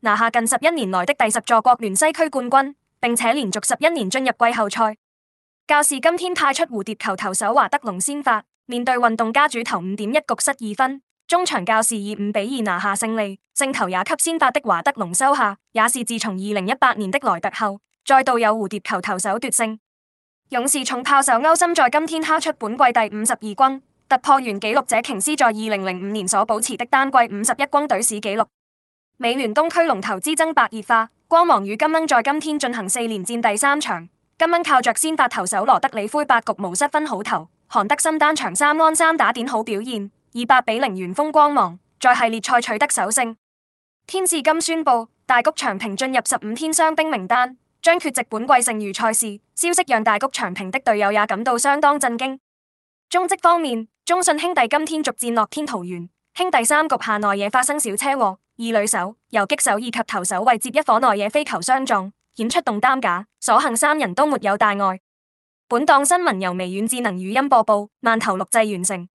拿下近十一年來的第十座國聯西區冠軍，並且連續十一年進入季後賽。教士今天派出蝴蝶球投手華德隆先發，面對運動家主投五點一局失二分，中場教士以五比二拿下勝利，勝投也給先發的華德隆收下。也是自從二零一八年的萊特後，再度有蝴蝶球投手奪勝。勇士重炮手歐森在今天敲出本季第五十二轟，突破原紀錄者瓊斯在二零零五年所保持的單季五十一轟隊史紀錄。美聯東區龍頭之爭白熱化，光芒與金鶯在今天進行四連戰第三場，金鶯靠着先發投手羅德里灰八局無失分好投，韓德森單場三安三打點好表現，以八比零完封光芒，在系列賽取得首勝。天使今宣布大谷翔平進入十五天傷兵名單，將缺席本季剩餘賽事。消息讓大谷翔平的隊友也感到相當震驚。中職方面，中信兄弟今天逐戰樂天桃園，兄弟三局下內野發生小車禍。二壘手、游擊手以及投手為接一顆內野飛球相撞，險出動擔架，所幸三人都沒有大礙。本檔新聞由微軟智能語音播報，慢頭錄製完成。